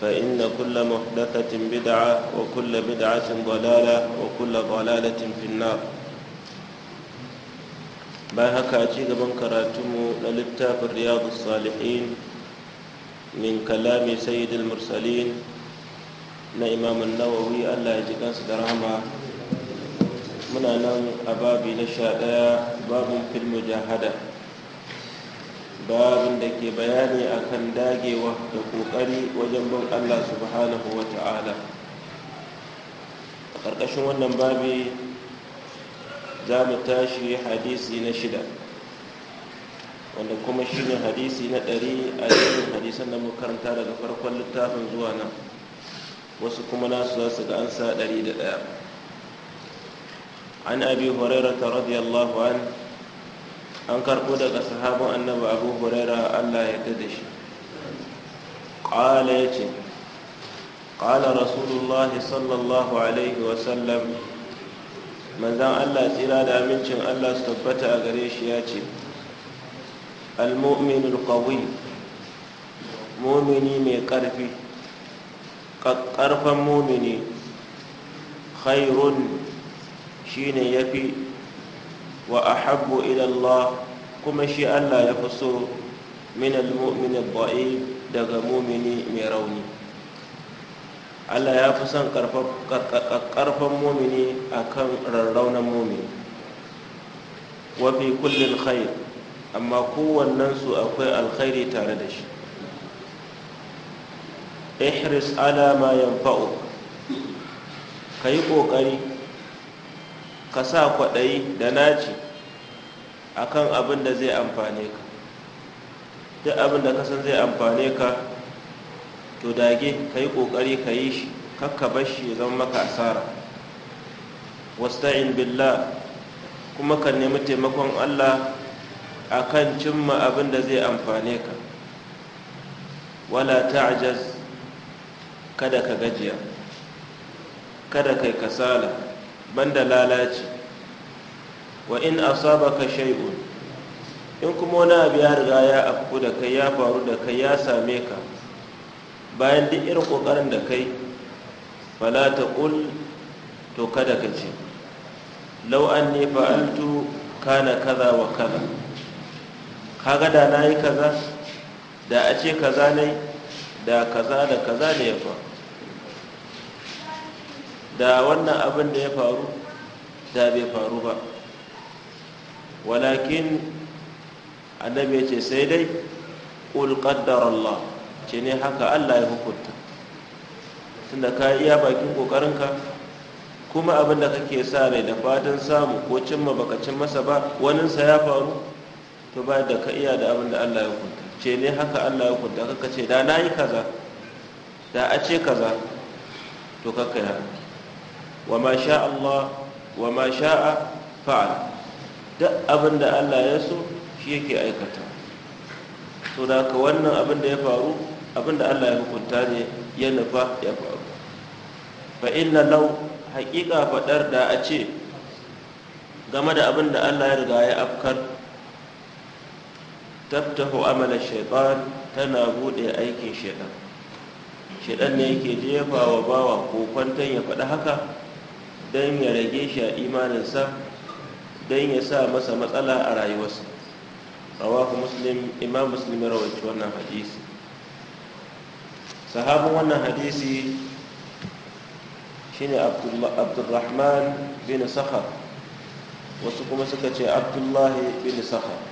فإن كل محدثة بدعة وكل بدعة ضلالة وكل ضلالة في النار bayan haka ci gaban karatunmu na littafin riyadu salihin min kalami sayyidul mursalin na imamun nawawi allah ya ji kansu da rahama muna nan a babi na sha ɗaya babin filmu jahada babin da ke bayani akan dagewa da kokari wajen bin allah subhanahu wa ta'ala a ƙarƙashin wannan babi za mu tashi hadisi na shida wanda kuma shi ne hadisi na ɗari a yankin hadisan da muka karanta daga farkon littafin zuwa nan wasu kuma nasu za su ga an sa ɗari da ɗaya an abi hurairata radiyallahu anhu an karɓo daga sahabin annabi abu huraira allah ya da shi ƙala ya ce ƙala rasulullahi sallallahu alaihi wasallam manzan allah tsira da amincin allah su tabbata a gare shi ya ce almu'minul qawi mumini mai ƙarfi ƙarfan mumini khairun shine yafi wa ahabbu ilallah Allah kuma shi Allah ya fi so min al daga mumini mai rauni Allah ya fi son karfan mumini akan rarraunan mumini Wafi kullum kullin khair amma kowannen su akwai alkhairi tare da shi ihris ala ma yanfa'u kayi ƙoƙari. ka sa kwaɗayi da naci akan abin da zai amfane ka duk abin da kasan zai amfane ka to dage ka yi ƙoƙari ka yi shi kakka shi ya zama maka asara wasta'in billah kuma ka nemi taimakon allah akan cimma abin da zai amfane ka wala ta'jaz kada ka gajiya kada kai kasala banda lalaci wa in asabaka shay'un in kuma wani abu ya riga ya afku da kai ya faru da kai ya same ka bayan duk irin kokarin da kai fala taqul to kada ka ce law anni fa'altu kana kaza wa kaza kaga da nayi kaza da a ce kaza ne da kaza da kaza ne ya faru da wannan abin da ya faru da bai faru ba walakin annabi ya ce sai dai ƙul Allah ce ne haka Allah ya hukunta tunda ka iya bakin ƙoƙarinka kuma abin da kake sa rai da fatan samu ko cimma baka cin masa ba waninsa ya faru to ba da ka iya da abin da Allah ya hukunta ce ne haka Allah ya hukunta kaka ce da na yi kaza da a ce kaza to kaka ya wa ma sha Allah wa ma sha'a fa'ala duk abin da Allah ya so shi yake aikata to da ka wannan abin da ya faru abin da Allah ya hukunta ne ya nufa ya faru fa inna law haqiqa fadar da a ce game da abin da Allah ya riga ya afkar tabtahu amala shaytan tana bude aikin shaytan shaytan ne yake jefa wa bawa ko kwantan ya faɗi haka don ya rage shi a imaninsa don ya sa masa matsala a rayuwarsa rawahu muslim imam muslim rawaci wannan hadisi sahabin wannan hadisi shine Abdulrahman bin sakhar wasu kuma suka ce abdullahi bin sakhar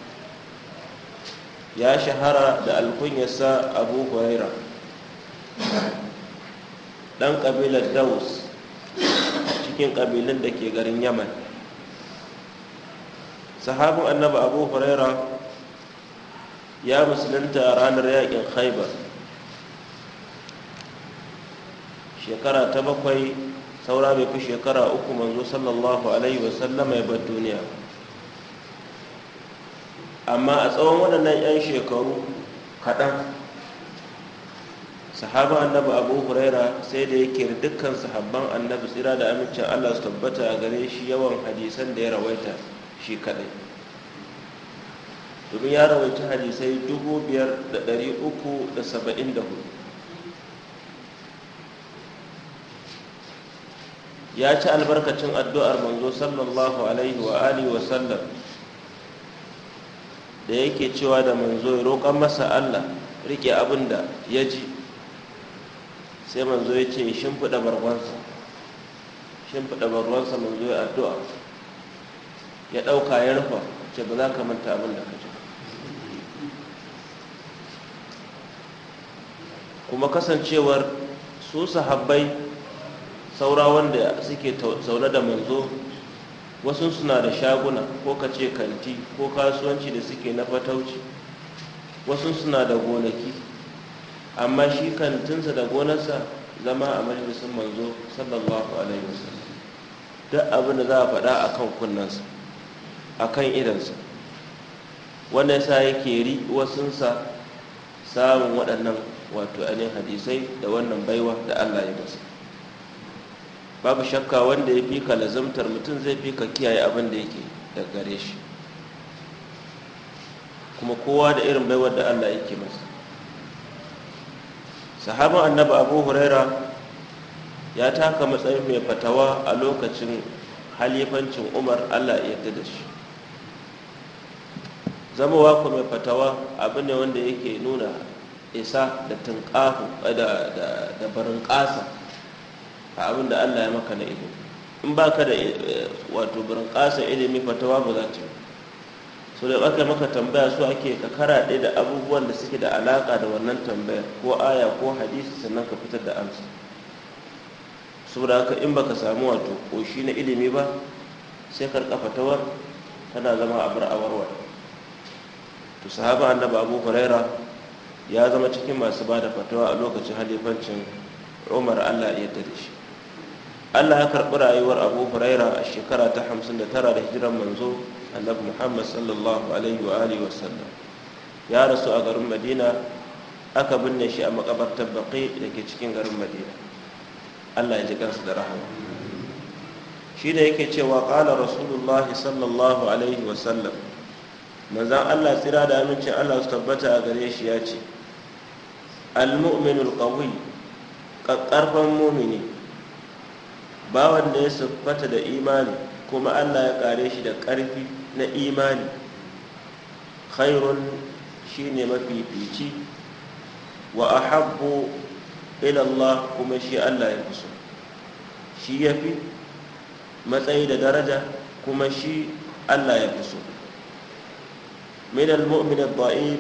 ya shahara da alkunyarsa abu huraira ɗan ƙabilar daus cikin ƙabilun da ke garin yaman sahabin Annabi abu huraira ya musulunta ranar yakin khaibar shekara ta bakwai saura bai fi shekara uku manzo sallallahu alaihi wasallama ya bar duniya amma a tsawon waɗannan 'yan shekaru kaɗan sahaba annabi abu huraira sai da yake dukkan sahabban annabi tsira da amincin allah su tabbata a gare shi yawan hadisan da ya rawaita shi kadai domin ya rawaita hadisai 5,374 ya ci albarkacin addu'ar manzo sallallahu alaihi wa alihi wasallam da yake cewa da manzo ya roƙon masa allah riƙe abin da ya ji sai manzo ya ce shimfiɗa barwansa shimfiɗa barwansa manzo ya addu'a ya ɗauka ya rufa ce ba za ka manta abin da ka kuma kasancewar su sahabbai saura wanda suke zaune da manzo wasu suna da shaguna ko ka ce kanti ko kasuwanci da suke na fatauci wasu suna da gonaki amma shi kantinsa da gonarsa zama a majalisun manzo sallallahu alaihi wasallam duk abin da za a faɗa a kan kunnansa a kan idansa wanda ya sa yake ri wasunsa samun waɗannan wato ainihin hadisai da wannan baiwa da allah ya masa babu shakka wanda ya fi ka lazamtar mutum zai fi ka kiyaye abin da yake da gare shi kuma kowa da irin baiwar da allah yake masa sahaban annabi abu huraira ya taka matsayin mai fatawa a lokacin halifancin umar allah ya yarda da shi zama ku mai fatawa abu ne wanda yake nuna isa da tunƙafu eh, da barin ƙasa a abin da allah ya maka na ido in ba ka da eh, wato barin ƙasa ilimi fatawa ba za ta yi so da aka maka tambaya su ake ka karaɗe da abubuwan da suke da alaƙa da wannan tambayar ko aya ko hadisi sannan ka fitar da amsa saboda haka in baka samu wato koshi na ilimi ba sai karka fatawar tana zama abar warware. to sahaba annabi abu huraira ya zama cikin masu ba da fatawa a lokacin halifancin umar allah ya da shi allah ya karɓi rayuwar abu huraira a shekara ta 59 da hijiran manzo annabi muhammad sallallahu alaihi wa alihi wasallam ya rasu a garin madina aka binne shi a makabartar baki da ke cikin garin madina allah ya ji kansa da rahama shi da yake cewa ƙala rasulullahi sallallahu alaihi wa sallam. manzan Allah tsira da amincin Allah su tabbata a gare shi ya ce al-mu'minul qawi ƙarfan mumini bawan da ya siffata da imani kuma Allah ya kare shi da ƙarfi na imani khairun shine mafifici wa a ila ilallah kuma shi Allah ya kusa shi ya fi matsayi da daraja kuma shi Allah ya kusa min al-mu'min ad-da'if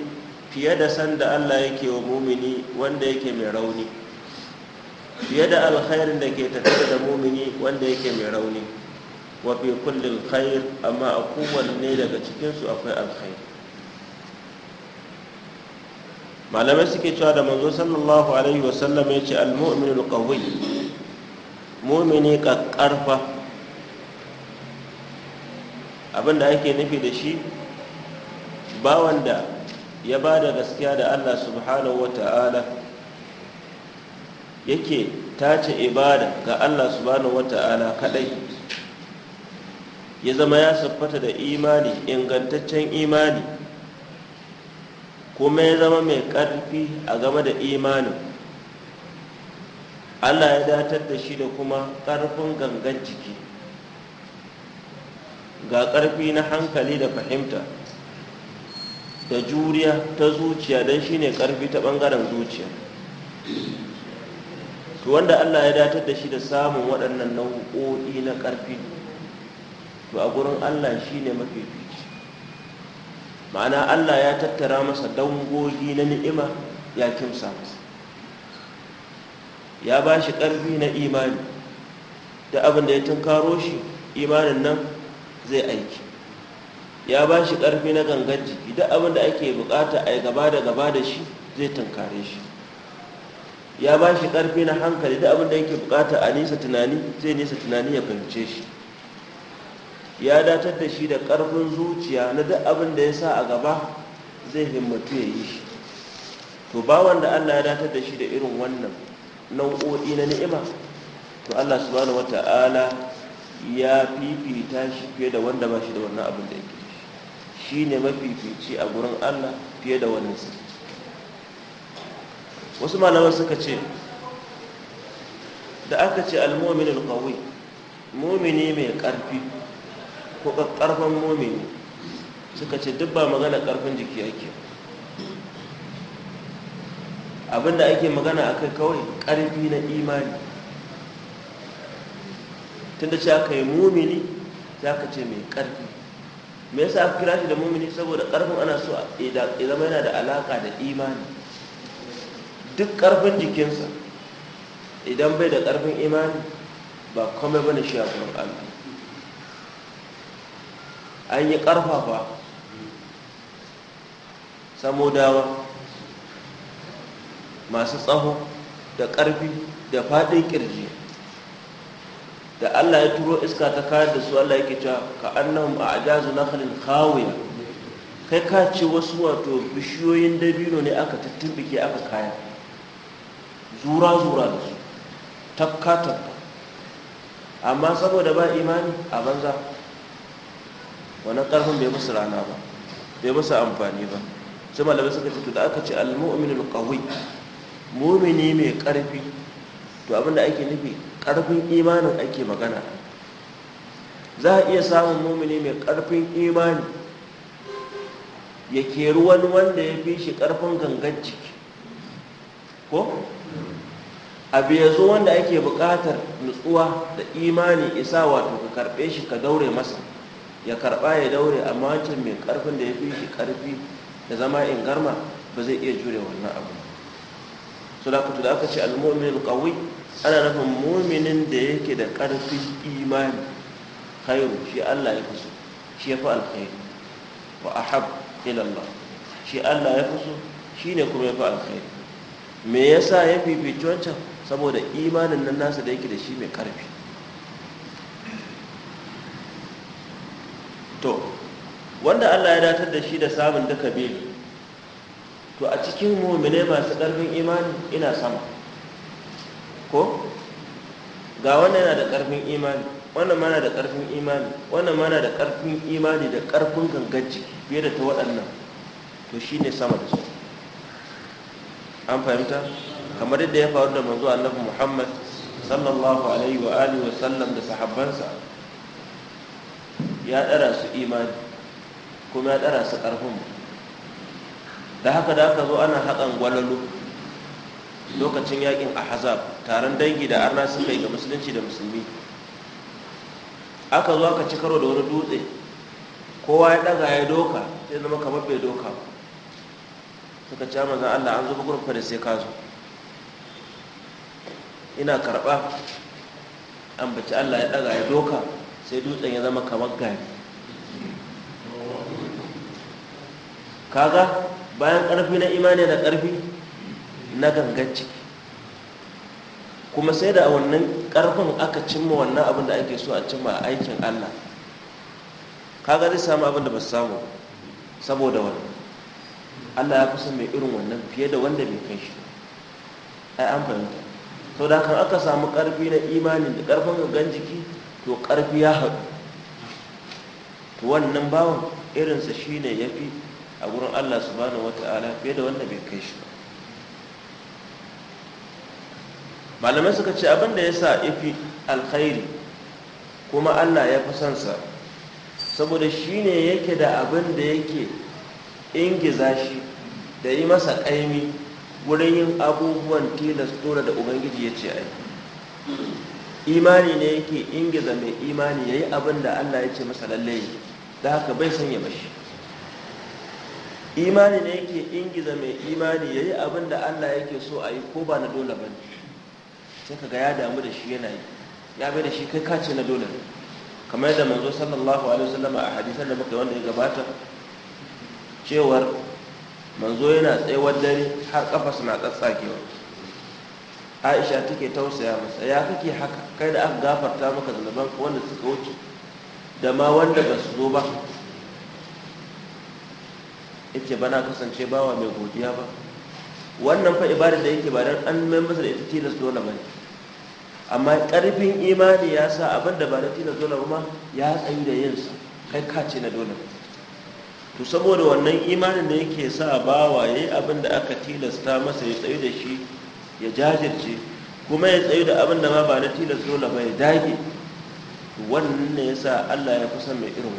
fiye da sanda Allah yake wa mumini wanda yake mai rauni fiye da alkhairin da ke tattare da mumini wanda yake mai rauni wa fi kullil khair amma a ne daga cikin su akwai alkhair malamai suke cewa da manzo sallallahu alaihi wa sallam yace al-mu'min al-qawi mu'mini kakkarfa abinda ake nufi da shi bawan da ya ba da gaskiya da allah subhanahu wata'ala yake tace ibada ga allah subhanahu wata'ala kadai ya zama ya siffata da imani ingantaccen imani kuma ya zama mai ƙarfi a game da imanin allah ya datar da shi da kuma ƙarfin gangan jiki ga ƙarfi na hankali da fahimta da juriya ta zuciya don shi ne ƙarfi ta ɓangaren zuciya to wanda allah ya datar da shi da samun waɗannan nau'o'i na ƙarfi to a gurin allah shi ne mafifici ma'ana allah ya tattara masa dangogi na ni'ima ya kimsa masa ya ba shi ƙarfi na imani da abin da ya tunkaro shi imanin nan zai aiki ya ba shi ƙarfi na gangan jiki duk abin da ake bukata a gaba da gaba da shi zai tunkare shi ya ba shi ƙarfi na hankali duk abin da yake bukata a nisa tunani zai nisa tunani ya fahimce shi ya datar da shi da ƙarfin zuciya na duk abin da ya sa a gaba zai himmatu ya yi shi to ba wanda allah ya datar da shi da irin wannan nau'o'i na ni'ima to allah subhanahu wata'ala ya fifita shi fiye da wanda ba shi da wannan abin da yake shine mafifici a gurin Allah fiye da wani su. wasu malaman suka ce da aka ce al-mu'min al-qawi mu'mini mai karfi ko karfan mu'mini suka ce duk ba magana karfin jiki ake abinda ake magana akai kawai karfi na imani tunda shi aka yi mumini za ka ce mai ƙarfi me yasa aka kira shi da mumini saboda karfin ana so ya zama yana da alaka da imani duk karfin jikinsa idan bai da karfin imani ba komai bane shi a gurin an yi karfafa samodawa masu tsaho da karfi da fadin kirji da Allah ya turo iska ta kayar da su Allah yake cewa ka annahum a'jazu nakhlin khawiya kai ka ce wasu wato bishiyoyin dabino ne aka tuttuɓike aka kaya zura zura da su tafka tafka amma saboda ba imani a banza wannan karfin bai musu rana ba bai musu amfani ba sai malamai suka ce to da aka ce al-mu'minul qawi mu'mini mai karfi to abinda ake nufi ƙarfin imanin ake magana za a iya samun mumini mai ƙarfin imani ya ke wani wanda ya fi shi ƙarfin gangan ciki, ko abu ya zo wanda ake buƙatar nutsuwa da imani isa wato ka karɓe shi ka daure masa ya karɓa ya daure amma wancan mai ƙarfin da ya fi shi ƙarfi da zama in garma ba zai iya jure wannan abu sulakutu da aka ce al-mu'min qawi ana nufin muminin da yake da ƙarfin imani khairu shi Allah ya fuso shi ya fi alkhairu wa ahab ila Allah shi Allah ya fuso shi ne kuma ya fi alkhairu me yasa ya fifici wancan saboda imanin nan nasa da yake da shi mai ƙarfi to wanda Allah ya datar da shi da samun duka biyu to a cikin muminai masu ƙarfin imani ina sama ko ga wannan yana da ƙarfin imani wannan mana da ƙarfin imani wannan mana da ƙarfin imani da ƙarfin gangaji fiye da ta waɗannan to shi ne sama da su an fahimta kamar yadda ya faru da manzo annabi muhammad sallallahu alaihi wa alihi wa sallam da sahabbansa ya ɗara su imani kuma ya ɗara su ƙarfin da haka da aka zo ana haƙan gwalalo lokacin yakin hazab taron dangi da arna suka yi ga musulunci da musulmi aka zo aka ci karo da wani dutse kowa ya daga ya doka sai zama kamar bai doka ba suka ci zan allah an zuba gurfa da sai ka zo ina karba an baci allah ya daga ya doka sai dutsen ya zama kamar gari kaga bayan karfi na imani da karfi na gangan ciki kuma sai da a wannan karfin aka cimma wannan abin da ake so a cimma a aikin allah kaga zai samu abin da ba su samu saboda wani allah ya fi son mai irin wannan fiye da wanda bai kai shi ai an fahimta sau da kan aka samu karfi na imanin da karfin gangan jiki to karfi ya haɗu to wannan bawon irinsa shine ya fi a gurin allah subhanahu wata'ala fiye da wanda bai kai shi ba malamai suka ce abinda ya sa ifi alkhairi kuma allah ya fi sa, saboda shi ne yake da abinda yake ingiza shi da yi masa ƙaimi wurin yin abubuwan tilas tura da ubangiji ya ce ai imani ne yake ingiza mai imani ya yi abinda allah ya ce masa lallai da haka bai sanya mashi imani ne yake ingiza mai imani ya yi abinda allah yake so a yi ko ba na dole ba ne sai ka ga ya damu da shi yana yi ya bai da shi kai kace na dole kamar da manzo sallallahu alaihi wasallam a hadisan da muka wanda ya gabata cewar manzo yana tsayawar dare har kafas na tsatsakewa aisha take tausaya masa ya kake haka kai da aka gafarta maka zanuban wanda suka wuce da ma wanda ba su zo ba yace bana kasance bawa mai godiya ba wannan fa ibadar da yake ba dan an mai masa da ita tilas dole ne. amma ƙarfin imani ya sa abin da ba na dole ma ya tsayu da yinsa kai ka ce na dole to saboda wannan imanin da yake sa bawa waye abin da aka tilasta masa ya tsayu da shi ya jajirce kuma ya tsayu da abin da ma ba na tilas dole ba ya dage wannan ne ya sa allah ya kusa mai irin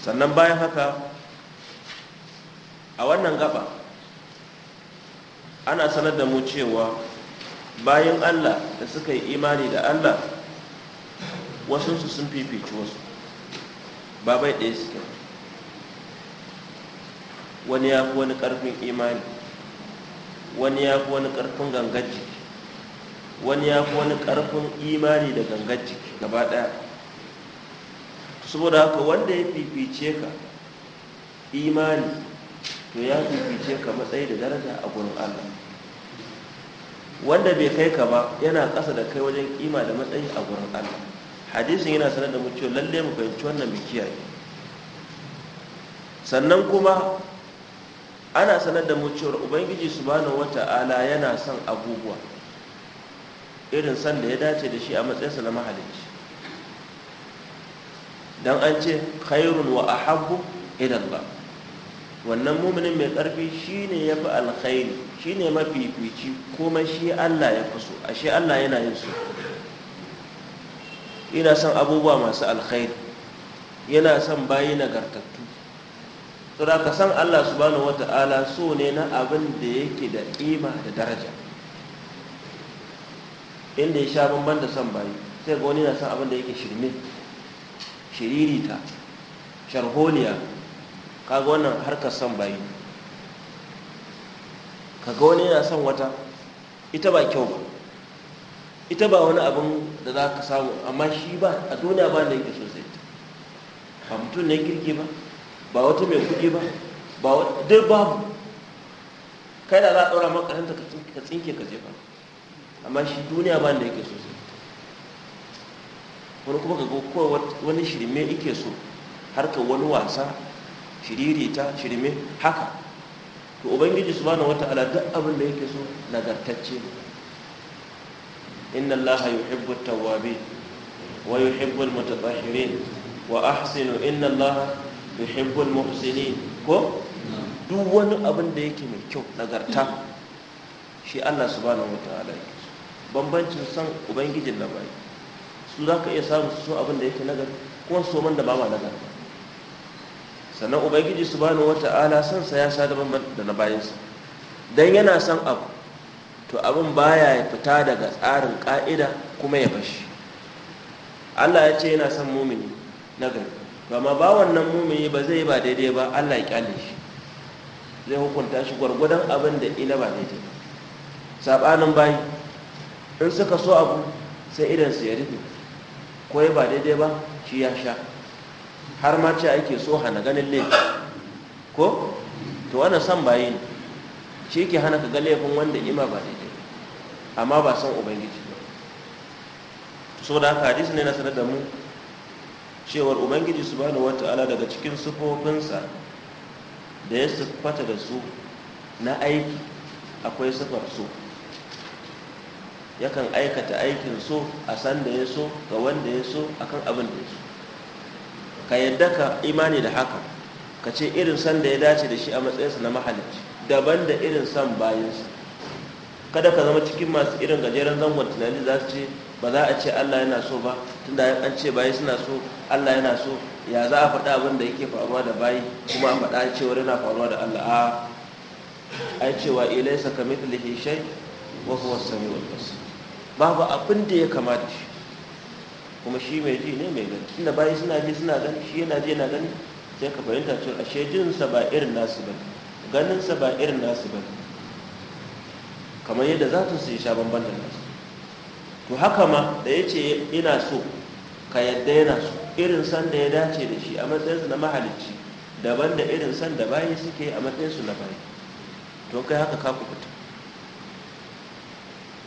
sannan bayan haka a wannan gaba ana sanar da mu cewa bayan Allah da suka yi imani da Allah wasunsu sun fifici wasu ba bai ɗaya suke wani ya fi wani ƙarfin imani wani ya fi wani ƙarfin gangar jiki wani ya fi wani ƙarfin imani da gangar jiki gaba ɗaya saboda haka wanda ya fifice ka imani to ya fifice ka matsayi da daraja a gurin Allah wanda bai kai ka ba yana ƙasa da kai wajen kima da matsayi a gurin Allah hadisin yana sanar da mu cewa lalle mu fahimci wannan mu kiyaye sannan kuma ana sanar da mu cewa ubangiji subhanahu wata'ala yana son abubuwa irin san da ya dace da shi a matsayinsa na mahalicci dan an ce khairun wa ahabbu ila Allah wannan muminin mai ƙarfi ne ya fi alkhairi shi shine mafifici kuma shi allah ya fi so a shi allah yana yin su. ina son abubuwa masu alkhairi yana son bayi nagartattu da ka san allah Su wata wata'ala so ne na abin da yake da ƙima da daraja inda ya sha bamban da son bayi sai ga wani na son abin da yake shirme shiririta sharholiya kaga wannan harkar son bayi kaga wani yana son wata ita ba kyau ba ita ba wani abin da za ka samu amma shi ba a duniya ba da yake sosai ba mutum na kirki ba ba wata mai kuɗi ba ba dai babu kai da za a ɗora makaranta ka tsinke ka jefa amma shi duniya ba da yake sosai wani kuma ka ga wani shirme yake so harkar wani wasa shiririta shirme haka to ubangiji subhanahu wataala duk abin da yake so nagartacce inna allaha yuhibbu at-tawwabin wa yuhibbu al-mutatahhirin wa ahsinu inna allaha yuhibbu al-muhsinin ko duk wani abin da yake mai kyau nagarta shi Allah subhanahu wataala yake so bambancin san ubangijin na bai su zaka iya samu su abin da yake nagari kuma so man da ba ma nagari sannan ubangiji wata ala son sa ya sa da da na bayansa dan yana son abu to abin baya ya fita daga tsarin ka'ida kuma ya bashi Allah ya ce yana son mumini na gari amma ba wannan mumini ba zai ba daidai ba Allah ya kyale shi zai hukunta shi gwargwadon abin da ina ba daidai ba sabanin bayi in suka so abu sai idan su ya rufe ko ya ba daidai ba shi ya sha har ma ce ake so hana ganin laifi ko to wannan son baye ne shi ke hana ka ga laifin wanda ima ba daidai amma ba san ubangiji ba so da haka hadisi ne na sanar da mu cewar ubangiji su bani wata ala daga cikin sufofinsa da ya siffata da su na aiki akwai siffar so yakan aikata aikin so a sanda da ya so ga wanda ya so akan abin da ya so ka yadda ka imani da haka ka ce irin san da ya dace da shi a matsayinsa na mahalicci daban da irin san bayansa kada ka zama cikin masu irin gajeren zangon tunani za su ce ba za a ce allah yana so ba tunda an ce bayi suna so allah yana so ya za a faɗa abin da yake faruwa da bayi kuma a faɗa cewa yana faruwa da allah a ai cewa ilaisa kamithlihi shay wa huwa as-sami'ul basir babu abin da ya kamata shi kuma shi mai ji ne mai gani inda bayi suna ji suna gani shi yana ji yana gani sai ka fahimta cewa ashe jinsa ba irin nasu bane sa ba irin nasu bane kamar yadda za su yi sha bamban da nasu to haka ma da ya ce ina so ka yadda yana so irin san da ya dace da shi a matsayinsu na mahalicci daban da irin san da bayi suke a matsayinsu na bayi to kai haka ka fita.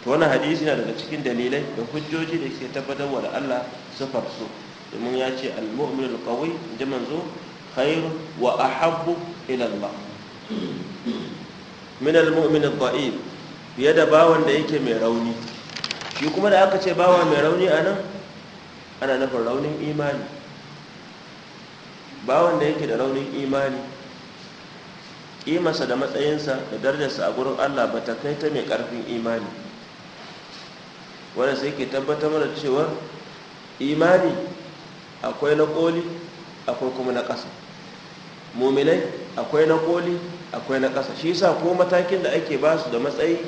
to wannan hadisi na daga cikin dalilai da hujjoji da ke tabbatar da Allah sifar su domin ya ce al-mu'min al-qawi inda manzo khairu wa ahabbu ila Allah min al-mu'min al-da'if fiye da bawan da yake mai rauni shi kuma da aka ce bawa mai rauni anan ana nufin raunin imani bawan da yake da raunin imani kimarsa da matsayinsa da darajarsa a gurin Allah ba ta kai ta mai karfin imani wanda sai ke tabbatar mana cewar imani akwai na koli akwai kuma na ƙasa muminai akwai na koli akwai na ƙasa shi yasa ko matakin da ake ba su da matsayi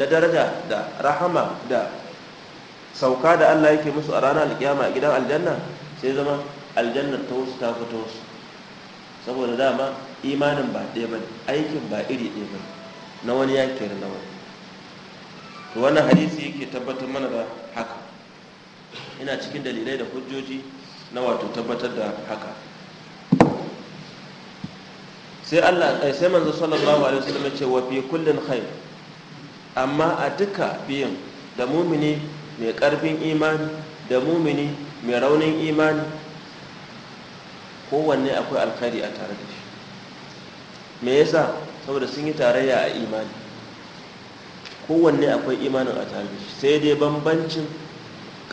na daraja da rahama da sauka da Allah yake musu a ranar alkiyama a gidan aljanna sai zama aljannar ta wasu ta fito wasu saboda dama imanin ba ɗaya ba aikin ba iri ɗaya ba na wani ya da na wani to wannan hadisi yake tabbatar mana da haka ina cikin dalilai da hujjoji na wato tabbatar da haka sai Allah eh, sai manzo sallallahu alaihi wasallam ce wa fi kullin khair amma a duka biyan da mumini mai karfin imani da mumini mai raunin imani kowanne akwai alkhairi a tare da shi me yasa saboda sun yi tarayya a imani kowanne akwai imanin a tare sai dai bambancin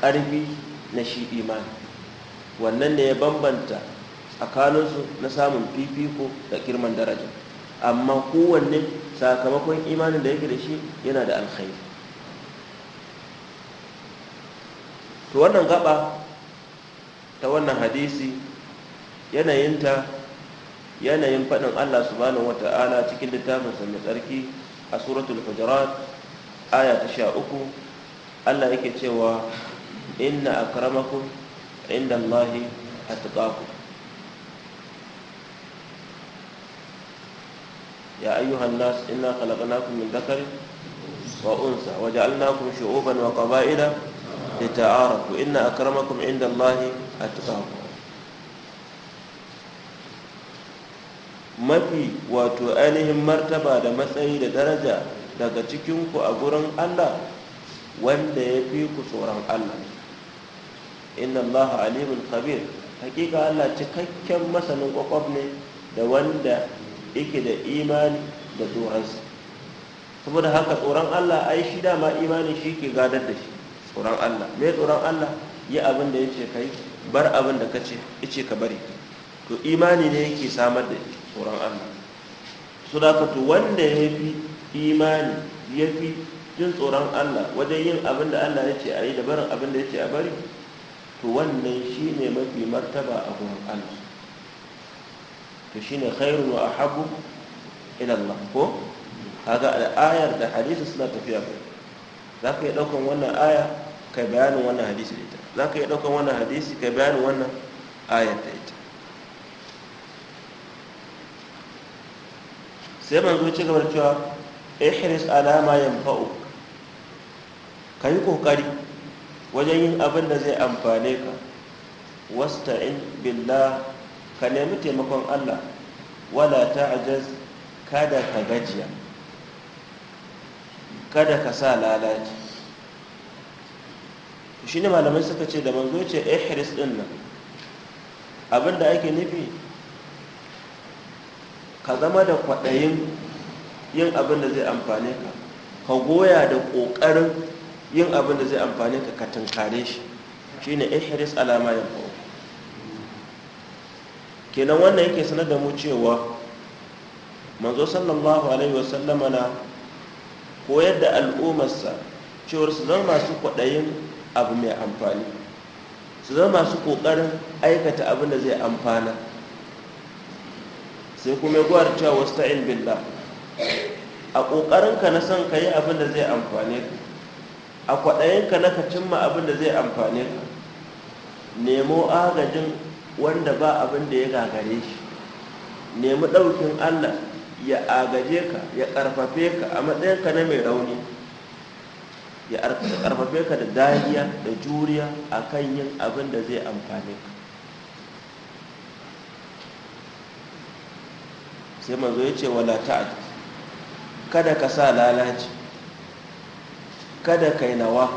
ƙarfi na shi imani wannan ne ya bambanta tsakaninsu na samun fifiko da girman daraja amma kowanne sakamakon imanin da yake da shi yana da alkhairi to wannan gaba ta wannan hadisi yanayinta yanayin faɗin allah subhanahu wata'ala cikin littafinsa mai tsarki a suratul hujurat aya ta sha uku allah yake cewa inna akramakum inda allahi atqakum ya ayyuhan nas inna khalaqnakum min dhakarin wa unsa wa ja'alnakum shu'uban wa qaba'ila inna akramakum inda allahi atqakum mafi wato ainihin martaba da matsayi da daraja daga cikinku a gurin Allah wanda ya fi ku tsoron Allah inna Allah alimul khabir hakika Allah cikakken masanin kwakwab ne da wanda yake da imani da tsoronsa saboda haka tsoron Allah ai shi dama imani shi ke gadar da shi tsoron Allah me tsoron Allah yi abin da yace kai bar abin da kace yace ka bari to imani ne yake samar da tsoron Allah su da wanda ya fi imani ya fi jin tsoron Allah wajen yin abin da Allah ya ce a yi da barin abin da ya ce a bari to wannan shi ne mafi martaba a gurin Allah to shi ne khairu wa ahabu ilallah ko kaga da ayar da hadisi suna tafiya ba za ka yi ɗaukan wannan aya kai bayanin wannan hadisi da ita za ka yi ɗaukan wannan hadisi kai bayanin wannan ayar da ita sai manzo ci gaba da cewa ihris alama yanfa'u ka yi ƙoƙari wajen yin abin da zai amfane ka wasta'in billah ka nemi taimakon allah wala ta'jaz kada ka gajiya kada ka sa lalaci shi ne malamai suka ce da manzo ce ihris din nan abinda ake nufi ka zama da kwaɗayin yin abin da zai amfane ka ka goya da ƙoƙarin yin abin da zai amfane ka ka tunkare shi Shi shine ihris alama ya fa'u kenan wannan yake sanar da mu cewa manzo sallallahu alaihi wasallama na koyar da al'ummarsa cewar su zama masu kwaɗayin abu mai amfani su zama masu ƙoƙarin aikata abin da zai amfana sai kuma ya gwarcewa cewa wasta'in billah a ƙoƙarinka na son ka yi abin da zai amfane ka a kwaɗayinka na ka cimma abin da zai amfane ka nemo agajin wanda ba abin da ya gagare shi nemi ɗaukin allah ya agaje ka ya ƙarfafe ka a matsayinka na mai rauni ya ƙarfafe ka da dariya da juriya a kan yin abin da zai amfane ka sai mazo ya ce wala ta'ad kada ka sa lalaci kada kai nawa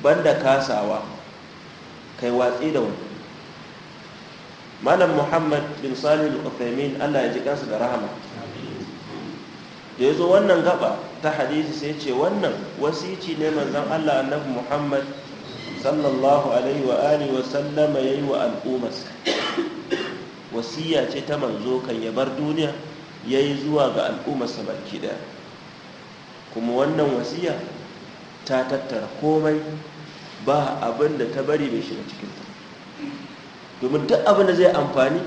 banda kasawa kai watsi da wani malam muhammad bin salih al Allah ya ji kansa da rahama da ya zo wannan gaba ta hadisi sai ce wannan wasici ne manzon Allah annabi muhammad sallallahu alaihi wa alihi wa sallama yayi wa al'ummas wasiya ce ta manzo kan ya bar duniya ya yi zuwa ga al'ummarsa baki daya kuma wannan wasiya ta tattara komai ba abin da ta bari bai shiga cikinta domin duk abin da zai amfani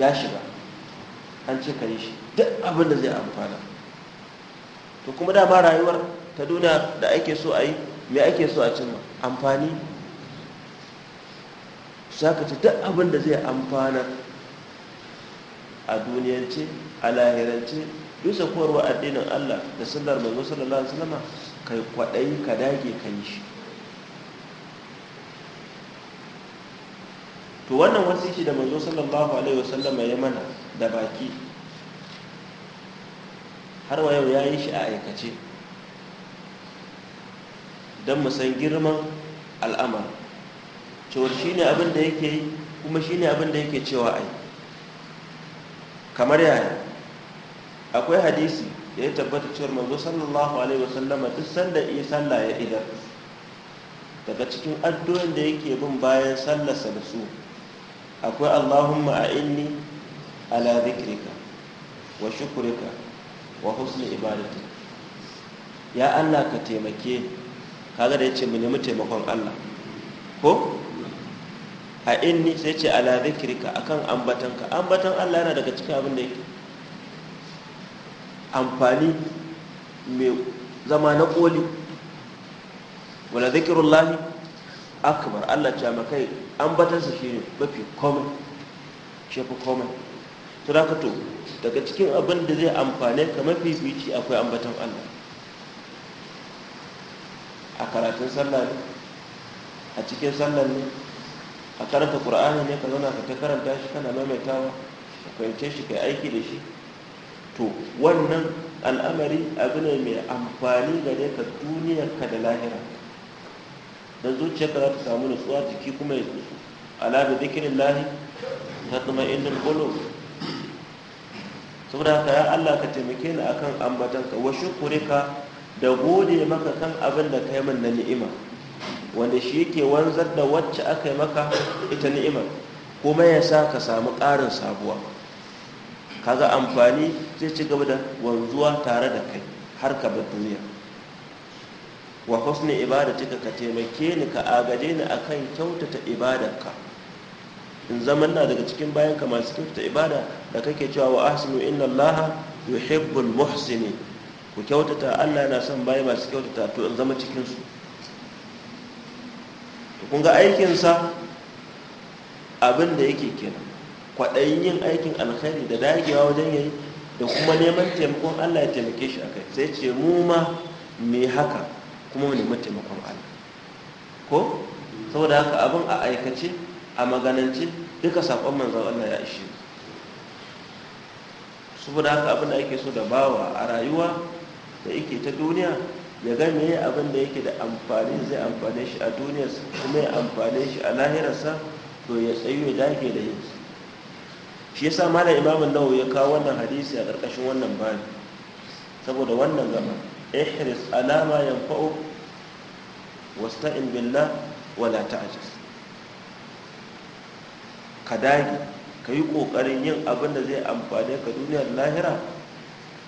ya shiga an ce ka yi shi duk abin da zai amfana to kuma dama rayuwar ta duniya da ake so a yi mai ake so a cin amfani za ka ci duk abin da zai amfana. a duniyance a lahirance bisa kowarwa addinin Allah da sallar manzo sallallahu alaihi wasallam kai kwaɗayi ka dage ka yi shi to wannan wasiki da manzo sallallahu alaihi wasallam ya mana da baki har wa yau ya yi shi a aikace don mu san girman al'amar cewar shi ne abin da yake yi kuma shi ne abin da yake cewa ai kamar yaya akwai hadisi da ya tabbata cewa manzo sallallahu alaihi wasallama duk sanda iya sallah ya idar daga cikin addu'an da yake bin bayan sallar da su akwai allahumma a inni ala zikrika wa shukrika wa husni ibadati ya allah ka taimake kaga da yace mu nemi taimakon allah ko a inni sai ce ala zikirka akan ambatanka ambatan Allah yana daga cikin abin da yake amfani mai zama na koli wala zikirullahi akbar Allah ce kai ambatansa shine mafi komai shefa komai to da to daga cikin abin da zai amfane ka mafi fici akwai ambatan Allah a karatun sallah ne a cikin sallah ne a karanta qur'ani ne ka zauna ka ta karanta shi kana maimaitawa ka fahimce shi kai aiki da shi to wannan al'amari abu ne mai amfani ne ka duniyar ka da lahira zuciya ka za ta samu nutsuwa jiki kuma ya nutsu ala da dhikrin lahi tatma'innul bolo saboda haka ya Allah ka taimake ni akan ambatanka wa shukurika da gode maka kan abin da kai min na ni'ima wanda shi yake wanzar da wacce aka yi maka ita ni'imar kuma ya sa ka samu ƙarin sabuwa kaga amfani zai ci gaba da wanzuwa tare da kai har ka bar duniya wa husni ibadatika ka taimake ni ka agaje ni akan kyautata ibadarka in zaman na daga cikin bayan ka masu kyautata ibada da kake cewa wa ahsinu inna allaha yuhibbul muhsini ku kyautata Allah yana son bayan masu kyautata to in zama cikin su Kunga ga aikinsa abin da yake kenan kwaɗayin yin aikin alkhairi da dagewa wajen yayi da kuma neman taimakon Allah ya taimake shi akai sai ce mu ma me haka kuma mu taimakon Allah ko saboda haka abin a aikace a maganance duka sakon manzan Allah ya ishe saboda haka abin da ake so da bawa a rayuwa da yake ta duniya ya ga me abin da yake da amfani zai amfane shi a duniya kuma ya amfane shi a lahirarsa to ya tsayu ya dafe da yin shi ya yasa malam imamun nawa ya kawo wannan hadisi a ƙarƙashin wannan bani saboda wannan gaba ihris alama wasu ta'in billa wala ajis ka dage ka yi ƙoƙarin yin abin da zai amfane ka duniyar lahira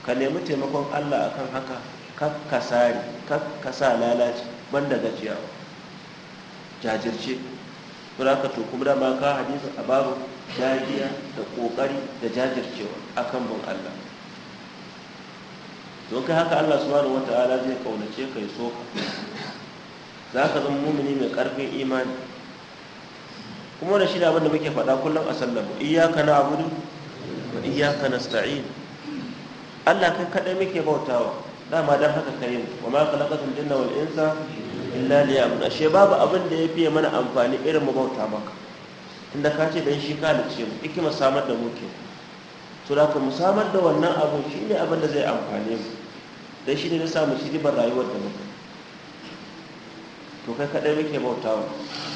ka nemi taimakon Allah akan haka kakkasari kakkasa lalaci banda gajiyawa jajirce ka to kuma dama ka hadisin a babu dagiya da kokari da jajircewa akan bin Allah don kai haka Allah subhanahu wataala zai kaunace kai so za ka zama mumini mai karfin imani kuma da shi abin da muke faɗa kullum a sallama iyaka na abudu wa iyaka na sta'in Allah kai kaɗai muke bautawa dama dan haka kare wa ma khalaqatul jinna wal insa illa liya'budu ashe babu abin da ya fiye mana amfani irin mu bauta maka tunda ka ce dan shi ka dace mu hikima samar da muke to da ku mu samar da wannan abu shine abin da zai amfane mu dan shi ne na samu shi ribar rayuwar da muke to kai kadai muke bautawa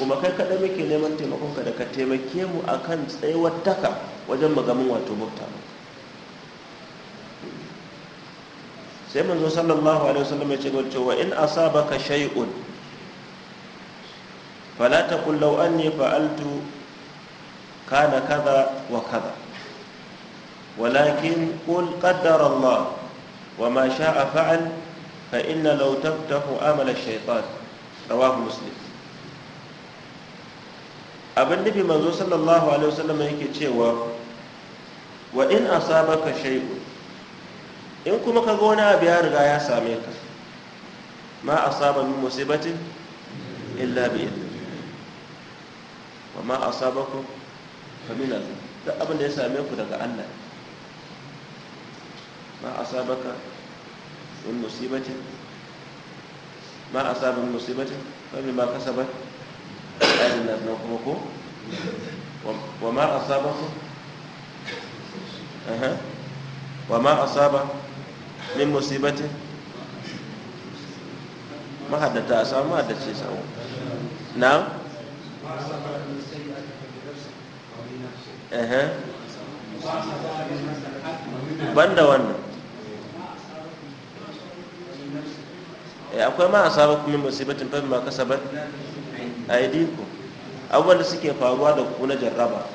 kuma kai kadai muke neman taimakon ka da ka taimake mu akan tsayuwar taka wajen magamin wato bauta sai manzo sallallahu alaihi wasallam ya ce wacce wa in asabaka shay'un fala taqul law anni fa'altu kana kaza wa kaza walakin qul qaddara Allah wa ma sha'a fa'al fa inna law taftahu amala ash-shaytan rawahu muslim abin nufi manzo sallallahu alaihi wasallam yake cewa wa in asabaka shay'un in kuma ka gona biya riga ya same ka ma a asaba min musibatin illa biya wa ma a fa ku Allah duk abin da ya same ku daga Allah ma a ka in musibatin ma a min musibatin fa ma ka aydin nas na kuma ko wa ma asabakum ku wa ma ku min musibatin mahaddata a samu mahaddace samu na ban banda wannan eh, akwai ma a saba kuma musibatin fahim ba kasabar a idinku abubuwan da suke faruwa da ku na jarraba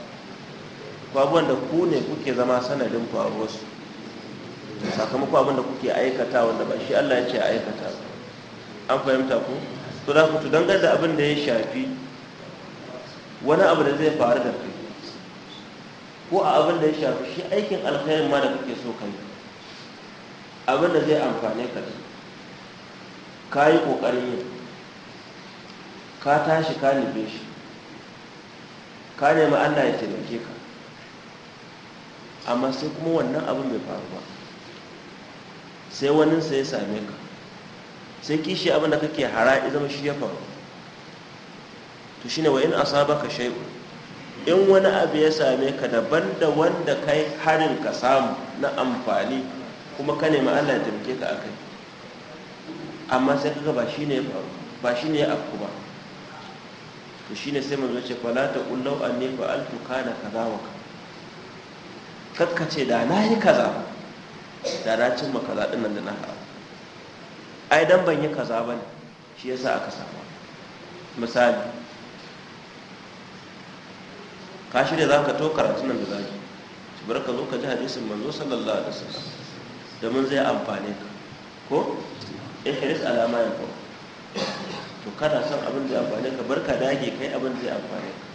ko abubuwan da ku ne kuke zama sanadin faruwarsu sakamakon abin da kuke aikata wanda ba shi Allah ya ce aikata an fahimta ku to da ku dangane da abin da ya shafi wani abu da zai faru da kai ko a abin da ya shafi shi aikin alkhairin ma da kake so kai abin da zai amfane ka da ka yi ƙoƙarin yin ka tashi ka nufe shi ka nemi Allah ya taimake ka amma sai kuma wannan abin bai faru ba sai waninsa ya same ka sai kishi abin da kake hara ya zama shi ya faru to shine wa in asabaka shay'u in wani abu ya same ka daban da wanda kai harin ka samu na amfani kuma ka nemi Allah ya taimake ka akai amma sai kaga ba shine ya faru ba shine ya afku ba to shine sai manzo ce fala ta law anni fa'altu kana kaza wa kaza kakkace da nayi kaza da na cin ma kaza nan da na haɗa ai dan ban yi kaza ba ne, shi ya sa aka samu misali ka shirya za ka to karatu nan da za ki? su bar ka zo ka ji hadisin manzo sallallahu alaihi wasallam domin zai amfane ka ko in ihris alama ya yanfa to kana son abin da amfane ka barka dage kai abin da amfane ka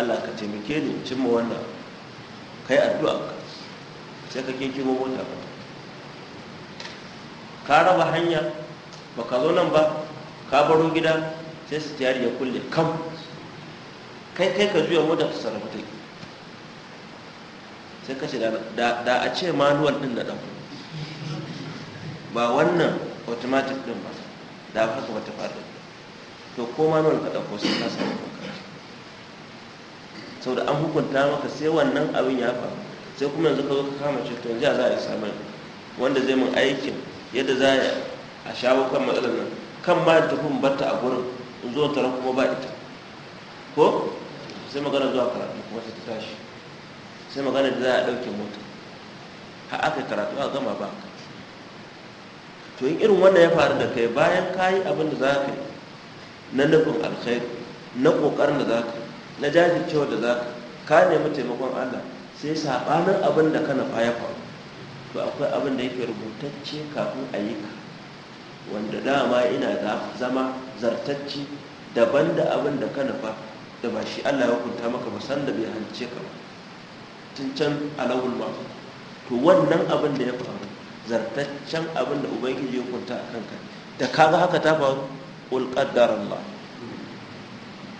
Allah ka taimake ni cimma wannan kai addu'a sai ka kekiro mota ba ka raba hanya ba ka zo nan ba ka baro gida sai su tiyari ya kulle kam kai kai ka juya mota su sarrafa ta sai ka ce da a ce manuwal din na ɗan ba wannan automatic din ba da haka ba ta faru to ko manuwal ka ɗauko sai ka samu kanka saboda an hukunta maka sai wannan abin ya faru sai kuma yanzu ka zo ka kama cutar ja za a yi samar wanda zai mun aikin yadda za a shawo kan matsalar nan kan ma tafi batta a gurin in zo tara kuma ba ita ko sai magana zuwa karatu kuma sai ta tashi sai magana da za a ɗauke mota ha aka karatu a gama ba to yin irin wannan ya faru da kai bayan ka yi abin da za ka yi na nufin alkhairi na ƙoƙarin da za ka yi na jajircewa da za ka nemi taimakon allah sai saɓanin abin da ka nufa ya faru to akwai abin da yake rubutacce kafin a yi ka wanda dama ina zama zartacce daban da abin da ka fa, da ba shi allah ya hukunta maka ba san da bai hance ka ba tun can alawul ma to wannan abin da ya faru zartaccen abin da ubangiji ya hukunta a kanka da kaga haka ta faru ƙulƙar daren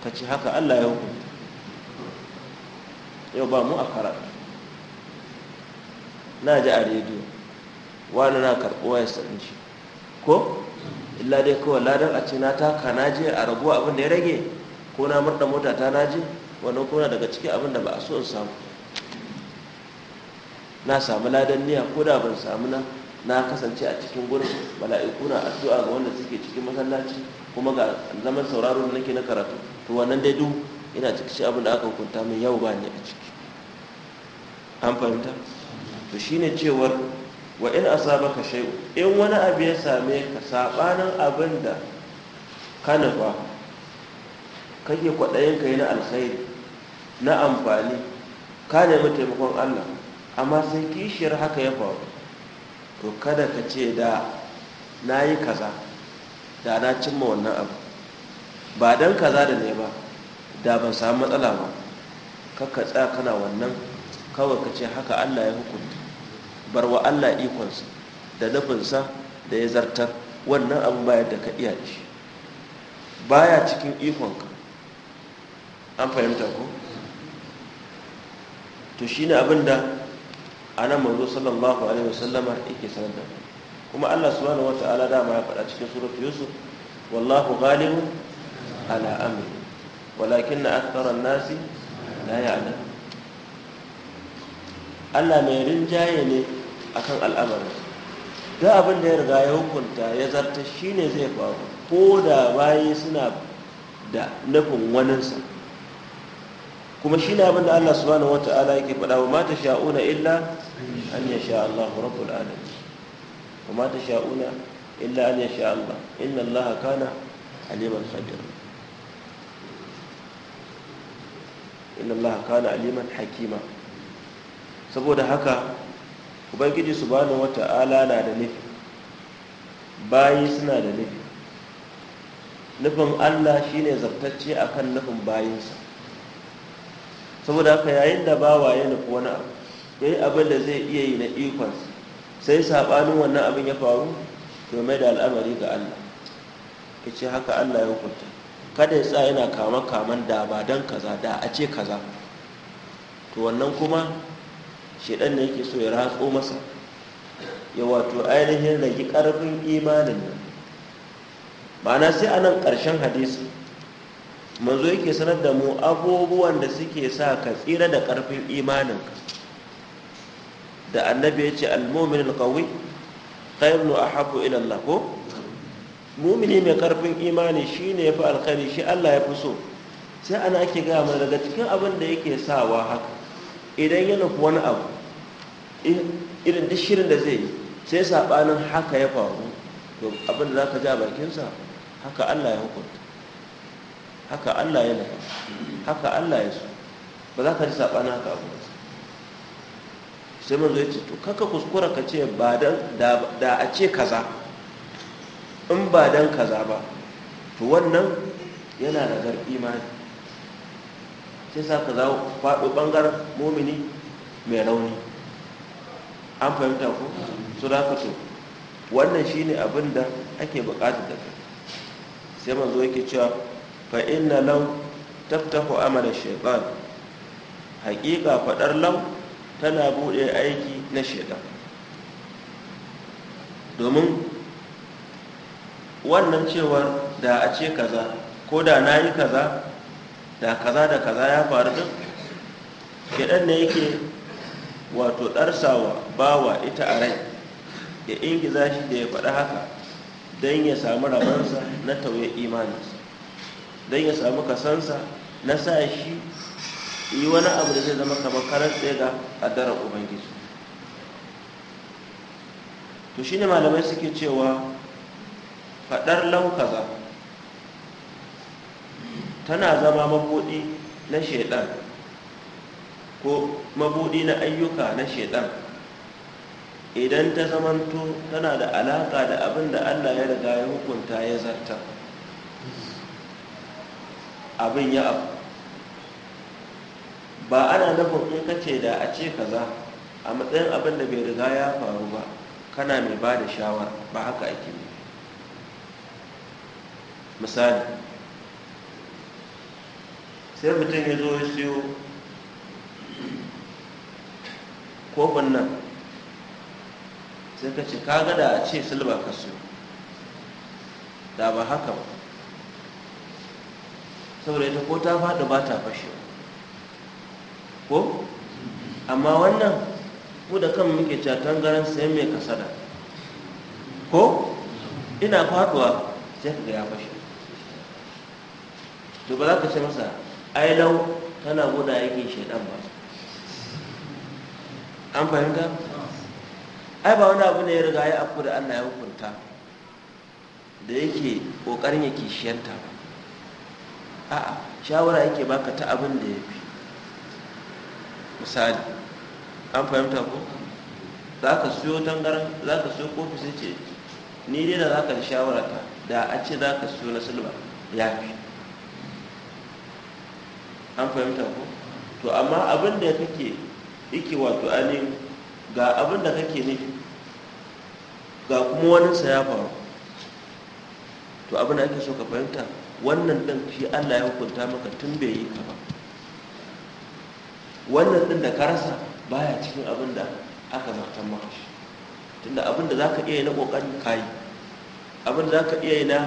ka ci haka allah ya hukunta yau ba mu a karatu na ji a rediyo wani na karɓo ya sa shi ko illa dai kawai ladar a ce na taka na je a ragu abin da ya rage ko na murda mota ta na je wani kuna daga cikin abin da ba a so in samu na samu ladan niyya ko da ban samu na na kasance a cikin gurin mala'iku na addu'a ga wanda suke cikin masallaci kuma ga zaman sauraron da nake na karatu to wannan dai duk ina cikin abin da aka hukunta min yau ba ne a ciki an fahimta to shine cewar wa in asabaka shay'u in wani abu ya same ka sabanin abin da ka nufa kake kwaɗayin ka yi na alkhairi na amfani ka nemi taimakon Allah amma sai kishiyar haka ya faru to kada ka ce da na yi kaza da na cimma wannan abu ba don kaza da ne ba da ban samu matsala ba kakka tsaya kana wannan kawai ka ce haka allah ya hukunta bar wa allah ikonsa da nufinsa da ya zartar wannan abin bayar da ka iya ce baya cikin ikonka an fahimta ko to shi ne abin da a nan sallallahu alaihi wasallama yake sanar da kuma allah subhanahu wa ta'ala dama ya faɗa cikin surat yusuf wallahu ghalibu ala walakin na aktaran nasi la ya'lam Allah mai rinjaye ne a kan al'amarin da abin da ya riga ya hukunta ya zarta shi ne zai faru ko da bayi suna da nufin waninsa kuma shi ne abin da Allah wata ala yake faɗa wa mata sha'una illa an ya sha Allah rabbul alamin wa mata sha'una illa an ya sha Allah inna Allah kana aliman khabira inna allaha kana aliman hakima saboda haka ubangiji subhanahu wata'ala na da nufi bayi suna da nufi nufin allah shine zartacce akan nufin bayinsa saboda haka yayin da bawa ya nufi wani abu yayi abin da zai iya yi na ikon sai sabanin wannan abin ya faru domin da al'amari ga allah kace haka allah ya hukunta kada ya sa yana kama kaman da ba dan kaza da a ce kaza to wannan kuma shedan ne yake so ya ratso masa ya wato ainihin rage karfin imanin nan ma'ana sai a nan ƙarshen hadisi manzo yake sanar da mu abubuwan da suke sa ka tsira da ƙarfin imaninka da annabi ya ce muminul qawi ƙairnu ahabbu ila ilallah ko mumini mai karfin imani shi ne ya fi alkhari shi allah ya fi so sai ana ake gaya mana daga cikin abin da yake sawa haka idan yana nufi wani abu irin duk shirin da zai yi sai saɓanin haka ya faru abin da za ka ja bakinsa haka allah ya hukunta haka allah ya nufa haka allah ya so ba za ka ji saɓanin haka abu sai manzo ya ce to kaka kuskura ka ce ba da a ce kaza in ba dan kaza ba to wannan yana da gar imani sai sa ka za faɗo ɓangaren momini mai rauni an fahimta ku su da to wannan shi ne abin da ake buƙatar da ka. sai manzo yake cewa fa lau law taftahu amala shaytan haƙiƙa faɗar lau tana buɗe aiki na shaidan domin wannan cewar da a ce kaza ko da na yi kaza da kaza da kaza ya faru din shaɗan ne yake wato ɗarsawa bawa ita a rai ya ingiza shi da ya faɗi haka don ya samu rabansa na tauye imaninsa don ya samu kasansa na sa shi yi wani abu da zai zama kamar karar tsaye ga adarar ubangiji to shi ne malamai suke cewa faɗar laukaza tana zama mabuɗi na shaiɗan ko mabuɗi na ayyuka na shaiɗan idan ta zamanto tana da alaƙa da abin da allah ya riga ya hukunta ya zarta abin ya abu ba ana nufin in ka ce da a ce kaza a matsayin abin da bai riga ya faru ba kana mai ba da shawar ba haka ake ne misali sai mutum ya zo ya siyo kofin nan sai ka ce ka da a ce silba ka siyo da ba haka ba saboda ita ko ta faɗi ba ta fashe ko amma wannan ku da kan muke catan garin sai mai kasada ko ina faɗuwa sai ka ga ya fashe to ba za ka ce masa ai lau tana guda aikin shaidan ba an fahimta ai ba wani abu ne ya riga ya afu da Allah ya hukunta da yake kokarin ya kishiyanta ba a'a shawara yake baka ta abin da ya fi misali an fahimta ko za ka siyo tangaran za ka siyo kofi sai ce ni dai da za ka shawara ta da a ce za ka siyo na silba ya fi an fahimta ko to amma abin da kake yake wato ainihin ga abin da kake nufi ga kuma waninsa ya faru to abin da ake so ka fahimta wannan ɗin shi allah ya hukunta maka tun bai yi ka ba wannan ɗin da ka rasa baya cikin abin da aka zartan maka shi tunda abin da za ka iya yi na ƙoƙarin kayi abin da za ka iya yi na